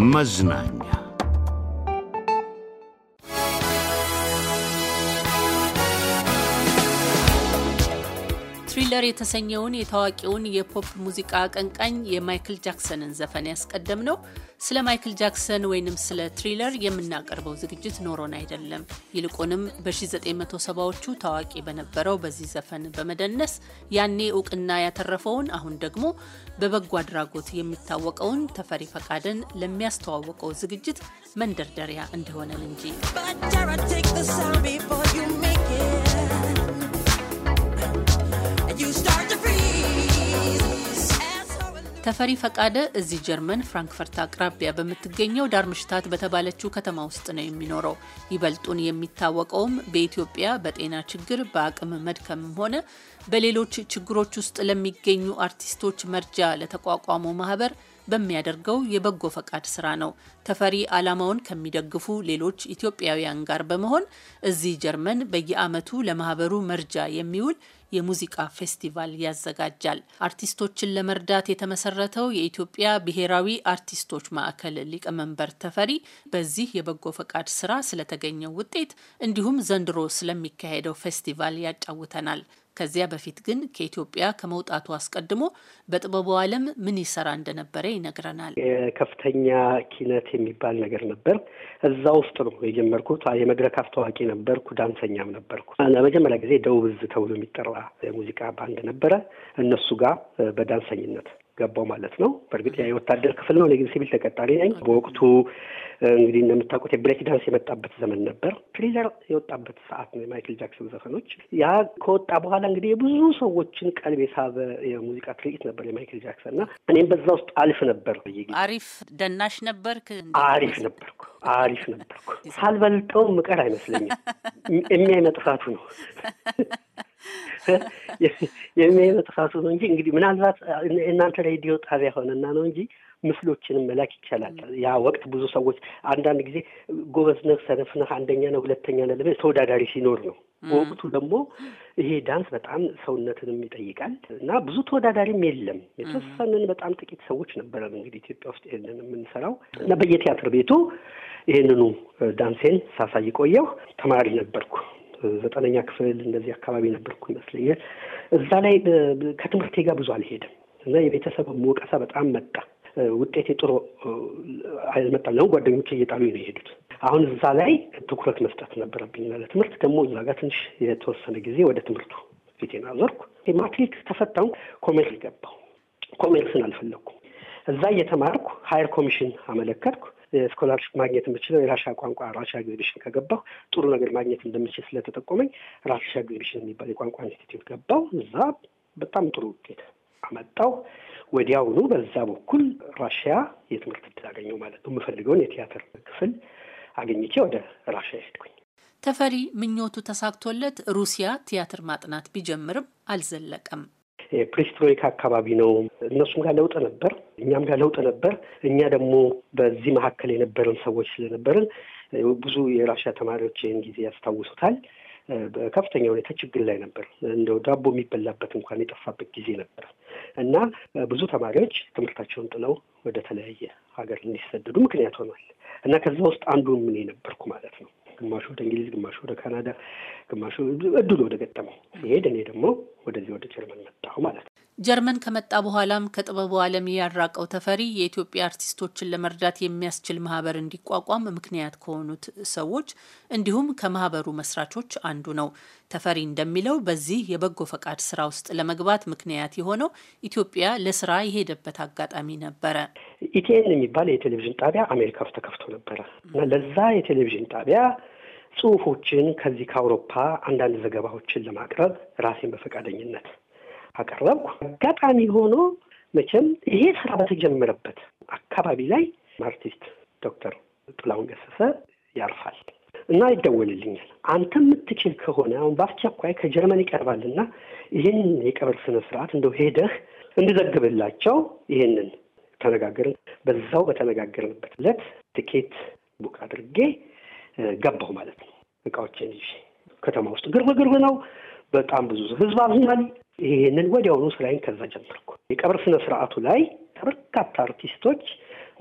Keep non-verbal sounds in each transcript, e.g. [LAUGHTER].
мы знания. ዊዘር የተሰኘውን የታዋቂውን የፖፕ ሙዚቃ አቀንቃኝ የማይክል ጃክሰንን ዘፈን ያስቀደም ነው። ስለ ማይክል ጃክሰን ወይንም ስለ ትሪለር የምናቀርበው ዝግጅት ኖሮን አይደለም። ይልቁንም በ1970ዎቹ ታዋቂ በነበረው በዚህ ዘፈን በመደነስ ያኔ እውቅና ያተረፈውን አሁን ደግሞ በበጎ አድራጎት የሚታወቀውን ተፈሪ ፈቃድን ለሚያስተዋወቀው ዝግጅት መንደርደሪያ እንደሆነን እንጂ ተፈሪ ፈቃደ እዚህ ጀርመን ፍራንክፈርት አቅራቢያ በምትገኘው ዳርምሽታት በተባለችው ከተማ ውስጥ ነው የሚኖረው። ይበልጡን የሚታወቀውም በኢትዮጵያ በጤና ችግር በአቅም መድከምም ሆነ በሌሎች ችግሮች ውስጥ ለሚገኙ አርቲስቶች መርጃ ለተቋቋመው ማህበር በሚያደርገው የበጎ ፈቃድ ስራ ነው። ተፈሪ ዓላማውን ከሚደግፉ ሌሎች ኢትዮጵያውያን ጋር በመሆን እዚህ ጀርመን በየዓመቱ ለማህበሩ መርጃ የሚውል የሙዚቃ ፌስቲቫል ያዘጋጃል። አርቲስቶችን ለመርዳት የተመሰረተው የኢትዮጵያ ብሔራዊ አርቲስቶች ማዕከል ሊቀመንበር ተፈሪ በዚህ የበጎ ፈቃድ ስራ ስለተገኘው ውጤት እንዲሁም ዘንድሮ ስለሚካሄደው ፌስቲቫል ያጫውተናል። ከዚያ በፊት ግን ከኢትዮጵያ ከመውጣቱ አስቀድሞ በጥበቡ ዓለም ምን ይሰራ እንደነበረ ይነግረናል። የከፍተኛ ኪነት የሚባል ነገር ነበር። እዛ ውስጥ ነው የጀመርኩት። የመድረክ አስተዋቂ ነበርኩ፣ ዳንሰኛም ነበርኩ። ለመጀመሪያ ጊዜ ደቡብ ተብሎ የሚጠራ የሙዚቃ ባንድ ነበረ። እነሱ ጋር በዳንሰኝነት ገባው ማለት ነው። በእርግጥ ያ የወታደር ክፍል ነው፣ ግን ሲቪል ተቀጣሪ ነኝ። በወቅቱ እንግዲህ እንደምታውቁት የብሬክ ዳንስ የመጣበት ዘመን ነበር። ትሪለር የወጣበት ሰዓት ነው፣ የማይክል ጃክሰን ዘፈኖች። ያ ከወጣ በኋላ እንግዲህ የብዙ ሰዎችን ቀልብ የሳበ የሙዚቃ ትርኢት ነበር የማይክል ጃክሰን እና እኔም በዛ ውስጥ አልፍ ነበር። አሪፍ ደናሽ ነበርክ? አሪፍ ነበርኩ፣ አሪፍ ነበርኩ። [LAUGHS] ሳልበልጠው ምቀር አይመስለኝም። የሚያይመጥፋቱ ነው [LAUGHS] [LAUGHS] የሚያዩ ጥፋቱ ነው እንጂ እንግዲህ ምናልባት እናንተ ሬዲዮ ጣቢያ ሆነና ነው እንጂ ምስሎችንም መላክ ይቻላል። ያ ወቅት ብዙ ሰዎች አንዳንድ ጊዜ ጎበዝ ነህ፣ ሰነፍ ነህ፣ አንደኛ ነህ፣ ሁለተኛ ነህ ለመ ተወዳዳሪ ሲኖር ነው። በወቅቱ ደግሞ ይሄ ዳንስ በጣም ሰውነትንም ይጠይቃል እና ብዙ ተወዳዳሪም የለም። የተወሰንን በጣም ጥቂት ሰዎች ነበረን እንግዲህ ኢትዮጵያ ውስጥ ይህንን የምንሰራው እና በየቲያትር ቤቱ ይህንኑ ዳንሴን ሳሳይ ቆየሁ። ተማሪ ነበርኩ። ዘጠነኛ ክፍል እንደዚህ አካባቢ ነበርኩ ይመስለኛል። እዛ ላይ ከትምህርቴ ጋር ብዙ አልሄድም እና የቤተሰብ ሞቀሳ በጣም መጣ። ውጤቴ ጥሩ አልመጣም። ለሁ ጓደኞች እየጣሉ ነው የሄዱት። አሁን እዛ ላይ ትኩረት መስጠት ነበረብኝ ለትምህርት ደግሞ እዛ ጋር ትንሽ የተወሰነ ጊዜ ወደ ትምህርቱ ፊቴን አዞርኩ። ማትሪክ ተፈታሁ። ኮሜርስ ገባሁ። ኮሜርስን አልፈለግኩም። እዛ እየተማርኩ ሀይር ኮሚሽን አመለከትኩ። ስኮላርሽፕ ማግኘት የምችለው የራሻ ቋንቋ ራሻ ኤግዚቢሽን ከገባሁ ጥሩ ነገር ማግኘት እንደምችል ስለተጠቆመኝ ራሻ ኤግዚቢሽን የሚባል የቋንቋ ኢንስቲትዩት ገባሁ። እዛ በጣም ጥሩ ውጤት አመጣሁ። ወዲያውኑ በዛ በኩል ራሽያ የትምህርት እድል አገኘሁ ማለት ነው። የምፈልገውን የቲያትር ክፍል አገኝቼ ወደ ራሽያ ሄድኩኝ። ተፈሪ ምኞቱ ተሳክቶለት ሩሲያ ቲያትር ማጥናት ቢጀምርም አልዘለቀም። የፕሬስትሮይክ አካባቢ ነው። እነሱም ጋር ለውጥ ነበር፣ እኛም ጋር ለውጥ ነበር። እኛ ደግሞ በዚህ መካከል የነበረን ሰዎች ስለነበርን ብዙ የራሽያ ተማሪዎች ይህን ጊዜ ያስታውሱታል። በከፍተኛ ሁኔታ ችግር ላይ ነበር። እንደው ዳቦ የሚበላበት እንኳን የጠፋበት ጊዜ ነበር እና ብዙ ተማሪዎች ትምህርታቸውን ጥለው ወደ ተለያየ ሀገር እንዲሰደዱ ምክንያት ሆኗል እና ከዛ ውስጥ አንዱ ምን ነበርኩ ማለት ነው። ግማሹ ወደ እንግሊዝ፣ ግማሹ ወደ ካናዳ፣ ግማሹ እድሉ ወደ ገጠመው ሲሄድ እኔ ደግሞ ወደዚህ ወደ ጀርመን መጣሁ ማለት ነው። ጀርመን ከመጣ በኋላም ከጥበቡ ዓለም ያራቀው ተፈሪ የኢትዮጵያ አርቲስቶችን ለመርዳት የሚያስችል ማህበር እንዲቋቋም ምክንያት ከሆኑት ሰዎች እንዲሁም ከማህበሩ መስራቾች አንዱ ነው። ተፈሪ እንደሚለው በዚህ የበጎ ፈቃድ ስራ ውስጥ ለመግባት ምክንያት የሆነው ኢትዮጵያ ለስራ የሄደበት አጋጣሚ ነበረ። ኢቲኤን የሚባል የቴሌቪዥን ጣቢያ አሜሪካ ውስጥ ተከፍቶ ነበረ እና ለዛ የቴሌቪዥን ጣቢያ ጽሁፎችን ከዚህ ከአውሮፓ አንዳንድ ዘገባዎችን ለማቅረብ ራሴን በፈቃደኝነት አቀረብኩ። አጋጣሚ ሆኖ መቼም ይሄ ስራ በተጀመረበት አካባቢ ላይ አርቲስት ዶክተር ጥላሁን ገሰሰ ያርፋል እና ይደወልልኛል። አንተ የምትችል ከሆነ አሁን በአስቸኳይ ከጀርመን ይቀርባልና ይህን የቀብር ስነ ስርዓት እንደው ሄደህ እንድዘግብላቸው ይህንን ተነጋገርን። በዛው በተነጋገርንበት ዕለት ትኬት ቡክ አድርጌ ገባው ማለት ነው እቃዎቼን ይዤ። ከተማ ውስጥ ግርብ ግርብ ነው፣ በጣም ብዙ ህዝብ አዝኗል። ይህንን ወዲያውኑ ስራዬን ከዛ ጀምርኩ የቀብር ስነ ስርአቱ ላይ በርካታ አርቲስቶች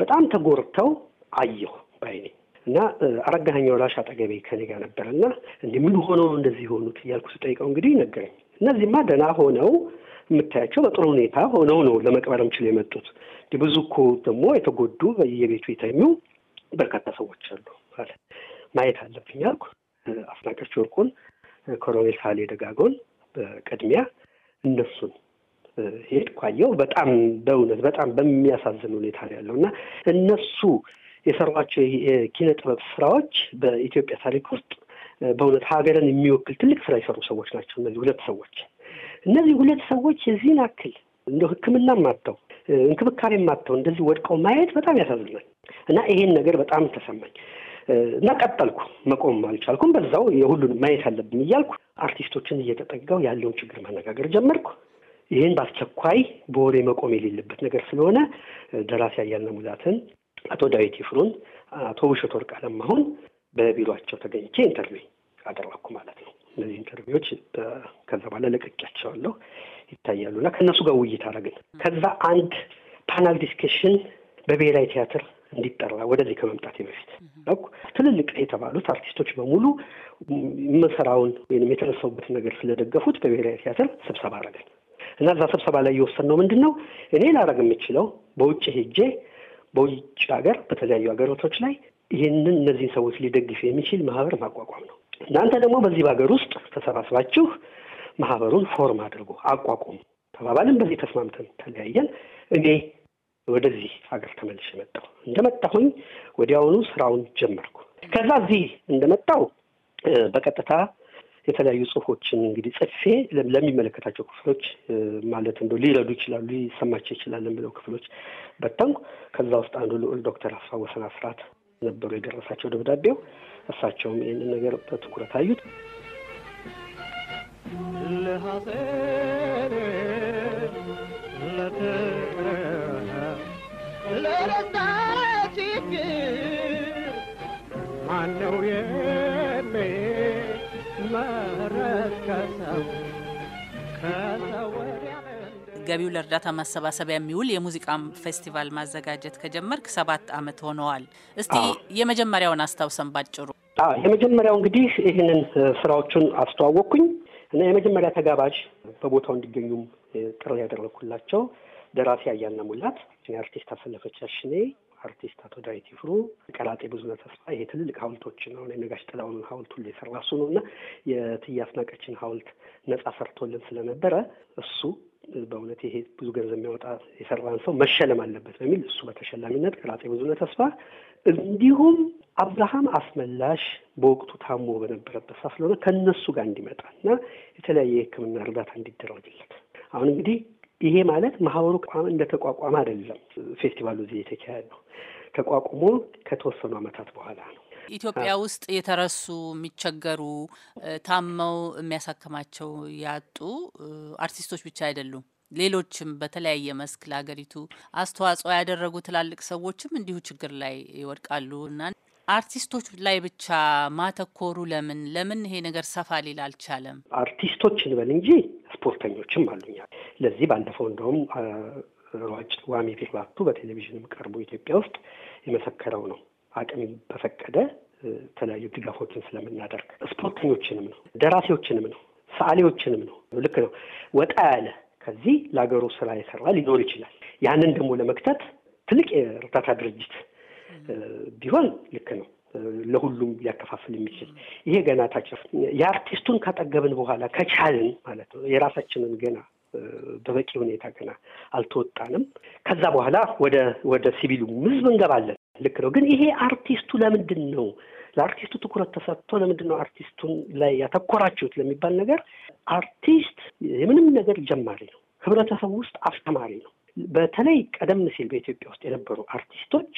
በጣም ተጎርተው አየሁ ባይኔ እና አረጋኛ ወላሽ አጠገቤ ከኔ ጋር እና እንዲ ምን ሆነው እንደዚህ የሆኑት እያልኩ ስጠይቀው እንግዲህ ነገረኝ። እነዚህማ ደና ሆነው የምታያቸው በጥሩ ሁኔታ ሆነው ነው ለመቅበር ምችል የመጡት። ብዙ እኮ ደግሞ የተጎዱ በየቤቱ የተኙ በርካታ ሰዎች አሉ ማለት ማየት አለብኝ አልኩ። አስናቀች ወርቁን፣ ኮሎኔል ሳሌ ደጋጎን በቅድሚያ እነሱን ሄድኩ አየሁ። በጣም በእውነት በጣም በሚያሳዝን ሁኔታ ነው ያለው እና እነሱ የሰሯቸው የኪነ ጥበብ ስራዎች በኢትዮጵያ ታሪክ ውስጥ በእውነት ሀገርን የሚወክል ትልቅ ስራ የሰሩ ሰዎች ናቸው። እነዚህ ሁለት ሰዎች እነዚህ ሁለት ሰዎች የዚህን አክል እንደ ሕክምና ማተው እንክብካቤ ማተው እንደዚህ ወድቀው ማየት በጣም ያሳዝናል እና ይሄን ነገር በጣም ተሰማኝ። እና ቀጠልኩ። መቆም አልቻልኩም። በዛው የሁሉን ማየት አለብኝ እያልኩ አርቲስቶችን እየተጠጋው ያለውን ችግር መነጋገር ጀመርኩ። ይህን በአስቸኳይ በወሬ መቆም የሌለበት ነገር ስለሆነ ደራሲ አያልነህ ሙላትን፣ አቶ ዳዊት ይፍሩን፣ አቶ ውሸት ወርቅ አለማሁን በቢሮቸው ተገኝቼ ኢንተርቪው አደረግኩ ማለት ነው። እነዚህ ኢንተርቪዎች ከዛ በኋላ ለቀቂያቸዋለሁ ይታያሉና ከእነሱ ጋር ውይይት አደረግን። ከዛ አንድ ፓናል ዲስከሽን በብሔራዊ ቲያትር እንዲጠራ ወደዚህ ከመምጣቴ በፊት ትልልቅ የተባሉት አርቲስቶች በሙሉ መሰራውን ወይም የተነሳውበትን ነገር ስለደገፉት በብሔራዊ ቲያትር ስብሰባ አረግን እና እዛ ስብሰባ ላይ የወሰንነው ምንድን ነው እኔ ላረግ የምችለው በውጭ ሄጄ በውጭ ሀገር በተለያዩ ሀገሮቶች ላይ ይህንን እነዚህን ሰዎች ሊደግፍ የሚችል ማህበር ማቋቋም ነው። እናንተ ደግሞ በዚህ በሀገር ውስጥ ተሰባስባችሁ ማህበሩን ፎርም አድርጎ አቋቁሙ ተባባልን። በዚህ ተስማምተን ተለያየን። እኔ ወደዚህ ሀገር ተመልሼ መጣሁ። እንደመጣሁኝ ወዲያውኑ ስራውን ጀመርኩ። ከዛ እዚህ እንደመጣሁ በቀጥታ የተለያዩ ጽሁፎችን እንግዲህ ጽፌ ለሚመለከታቸው ክፍሎች ማለት እንደ ሊረዱ ይችላሉ ሊሰማቸው ይችላል ብለው ክፍሎች በተንኩ። ከዛ ውስጥ አንዱ ልዑል ዶክተር አስፋወሰን አስራት ነበሩ የደረሳቸው ደብዳቤው። እሳቸውም ይህንን ነገር በትኩረት አዩት። ገቢው ለእርዳታ ማሰባሰቢያ የሚውል የሙዚቃ ፌስቲቫል ማዘጋጀት ከጀመርክ ሰባት ዓመት ሆነዋል። እስቲ የመጀመሪያውን አስታውሰን ባጭሩ። የመጀመሪያው እንግዲህ ይህንን ስራዎቹን አስተዋወቅኩኝ እና የመጀመሪያ ተጋባዥ በቦታው እንዲገኙም ጥሪ ያደረግኩላቸው ደራሲ አያና ሙላት፣ አርቲስት አሰለፈች አሽኔ፣ አርቲስት አቶ ዳዊት ይፍሩ፣ ቀላጤ ብዙነ ተስፋ ይሄ ትልልቅ ሀውልቶች ነው። የነጋሽ ጥላውን ሐውልት ሁሉ የሰራ እሱ ነው እና የእትዬ አስናቀችን ሀውልት ነጻ ሰርቶልን ስለነበረ እሱ በእውነት ይሄ ብዙ ገንዘብ የሚያወጣ የሰራን ሰው መሸለም አለበት በሚል እሱ በተሸላሚነት ቀላጤ ብዙነ ተስፋ እንዲሁም አብርሃም አስመላሽ በወቅቱ ታሞ በነበረበት ሳ ስለሆነ ከእነሱ ጋር እንዲመጣ እና የተለያየ የሕክምና እርዳታ እንዲደረግለት አሁን እንግዲህ ይሄ ማለት ማህበሩ እንደተቋቋመ አይደለም። ፌስቲቫሉ እዚህ የተካሄደው ተቋቁሞ ከተወሰኑ ዓመታት በኋላ ነው። ኢትዮጵያ ውስጥ የተረሱ የሚቸገሩ፣ ታመው የሚያሳክማቸው ያጡ አርቲስቶች ብቻ አይደሉም። ሌሎችም በተለያየ መስክ ለሀገሪቱ አስተዋጽኦ ያደረጉ ትላልቅ ሰዎችም እንዲሁ ችግር ላይ ይወድቃሉ እና አርቲስቶች ላይ ብቻ ማተኮሩ ለምን ለምን ይሄ ነገር ሰፋ ሊል አልቻለም? አርቲስቶች እንበል እንጂ ስፖርተኞችም አሉኛል። ለዚህ ባለፈው እንደውም ሯጭ ዋሚ ፌክላቱ በቴሌቪዥንም ቀርቦ ኢትዮጵያ ውስጥ የመሰከረው ነው። አቅም በፈቀደ የተለያዩ ድጋፎችን ስለምናደርግ ስፖርተኞችንም ነው፣ ደራሲዎችንም ነው፣ ሰዓሊዎችንም ነው። ልክ ነው። ወጣ ያለ ከዚህ ለሀገሩ ስራ የሰራ ሊኖር ይችላል። ያንን ደግሞ ለመክተት ትልቅ የእርዳታ ድርጅት ቢሆን ልክ ነው። ለሁሉም ሊያከፋፍል የሚችል ይሄ ገና ታች የአርቲስቱን ካጠገብን በኋላ ከቻልን ማለት ነው የራሳችንን ገና በበቂ ሁኔታ ገና አልተወጣንም። ከዛ በኋላ ወደ ወደ ሲቪሉ ህዝብ እንገባለን። ልክ ነው። ግን ይሄ አርቲስቱ ለምንድን ነው ለአርቲስቱ ትኩረት ተሰጥቶ ለምንድን ነው አርቲስቱን ላይ ያተኮራችሁት ለሚባል ነገር አርቲስት የምንም ነገር ጀማሪ ነው። ህብረተሰቡ ውስጥ አስተማሪ ነው። በተለይ ቀደም ሲል በኢትዮጵያ ውስጥ የነበሩ አርቲስቶች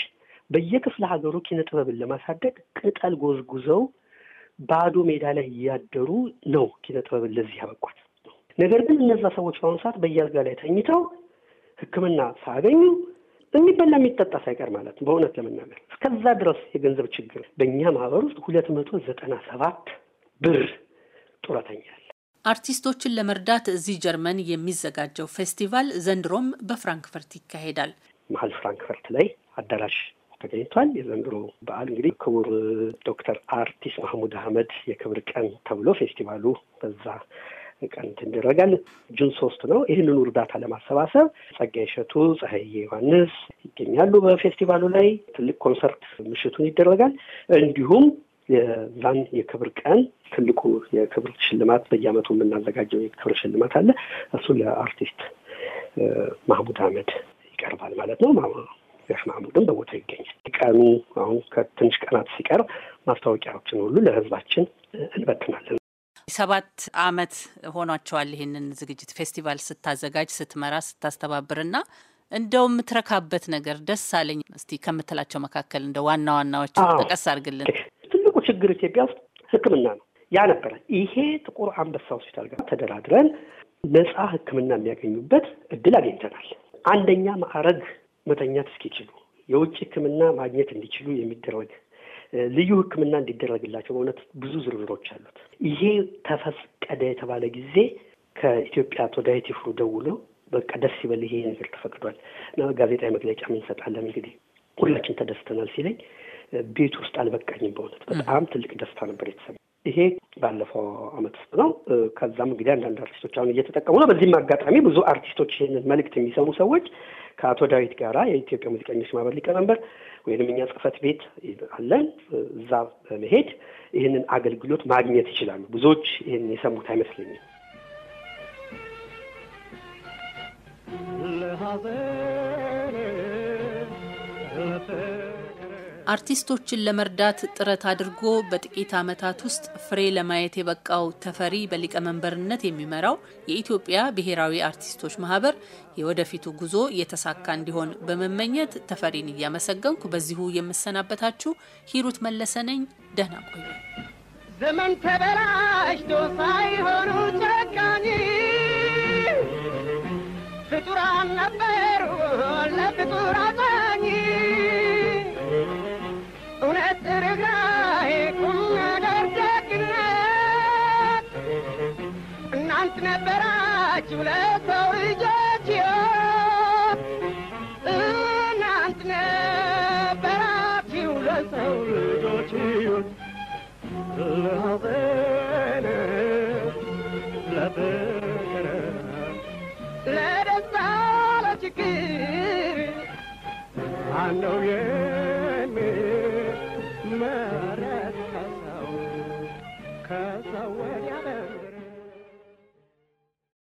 በየክፍለ ሀገሩ ኪነ ጥበብን ለማሳደግ ቅጠል ጎዝጉዘው ባዶ ሜዳ ላይ እያደሩ ነው ኪነ ጥበብን ለዚህ ያበቋት። ነገር ግን እነዛ ሰዎች በአሁኑ ሰዓት በየአልጋ ላይ ተኝተው ሕክምና ሳያገኙ የሚበላ የሚጠጣ ሳይቀር ማለት ነው። በእውነት ለመናገር እስከዛ ድረስ የገንዘብ ችግር በእኛ ማህበር ውስጥ ሁለት መቶ ዘጠና ሰባት ብር ጡረተኛ አለ። አርቲስቶችን ለመርዳት እዚህ ጀርመን የሚዘጋጀው ፌስቲቫል ዘንድሮም በፍራንክፈርት ይካሄዳል። መሀል ፍራንክፈርት ላይ አዳራሽ ተገኝቷል። የዘንድሮ በዓል እንግዲህ ክቡር ዶክተር አርቲስት ማህሙድ አህመድ የክብር ቀን ተብሎ ፌስቲቫሉ በዛ ቀን እንደረጋል ጁን ሶስት ነው። ይህንኑ እርዳታ ለማሰባሰብ ጸጋ እሸቱ፣ ጸሐዬ ዮሐንስ ይገኛሉ። በፌስቲቫሉ ላይ ትልቅ ኮንሰርት ምሽቱን ይደረጋል። እንዲሁም የዛን የክብር ቀን ትልቁ የክብር ሽልማት በየአመቱ የምናዘጋጀው የክብር ሽልማት አለ። እሱ ለአርቲስት ማህሙድ አህመድ ይቀርባል ማለት ነው። ሽ ማህሙድም በቦታ ይገኛል። ቀኑ አሁን ከትንሽ ቀናት ሲቀር ማስታወቂያዎችን ሁሉ ለህዝባችን እንበትናለን። ሰባት አመት ሆኗቸዋል ይህንን ዝግጅት ፌስቲቫል ስታዘጋጅ ስትመራ ስታስተባብርና እንደው የምትረካበት ነገር ደስ አለኝ እስቲ ከምትላቸው መካከል እንደ ዋና ዋናዎች ጠቀስ አድርግልን። ትልቁ ችግር ኢትዮጵያ ውስጥ ህክምና ነው። ያ ነበረ። ይሄ ጥቁር አንበሳ ሆስፒታል ጋር ተደራድረን ነፃ ህክምና የሚያገኙበት እድል አግኝተናል። አንደኛ ማዕረግ መተኛት እስኪችሉ የውጭ ህክምና ማግኘት እንዲችሉ የሚደረግ ልዩ ሕክምና እንዲደረግላቸው በእውነት ብዙ ዝርዝሮች አሉት። ይሄ ተፈቀደ የተባለ ጊዜ ከኢትዮጵያ ቶዳይት ይፍሩ ደውሎ በቃ ደስ ይበል ይሄ ነገር ተፈቅዷል እና ጋዜጣዊ መግለጫ እንሰጣለን እንግዲህ ሁላችን ተደስተናል ሲለኝ ቤት ውስጥ አልበቃኝም። በእውነት በጣም ትልቅ ደስታ ነበር የተሰማ። ይሄ ባለፈው አመት ውስጥ ነው። ከዛም እንግዲህ አንዳንድ አርቲስቶች አሁን እየተጠቀሙ ነው። በዚህም አጋጣሚ ብዙ አርቲስቶች ይህንን መልእክት የሚሰሙ ሰዎች ከአቶ ዳዊት ጋራ የኢትዮጵያ ሙዚቀኞች ማህበር ሊቀመንበር ወይም እኛ ጽህፈት ቤት አለን። እዛ በመሄድ ይህንን አገልግሎት ማግኘት ይችላሉ። ብዙዎች ይህን የሰሙት አይመስለኝም። አርቲስቶችን ለመርዳት ጥረት አድርጎ በጥቂት ዓመታት ውስጥ ፍሬ ለማየት የበቃው ተፈሪ በሊቀመንበርነት የሚመራው የኢትዮጵያ ብሔራዊ አርቲስቶች ማህበር የወደፊቱ ጉዞ የተሳካ እንዲሆን በመመኘት ተፈሪን እያመሰገንኩ በዚሁ የምሰናበታችሁ ሂሩት መለሰ ነኝ። ደህና ቆዩ። ዘመን ተበላሽቶ ሳይሆኑ ጨካኝ ፍጡራን ነበሩ ለፍጡራን ነበራችሁ ለሰው ልጆች እናንት ነበራችሁ ለሰው ልጆች ለሐዘን ለፍቅር ለደስታ ለችግር ማነው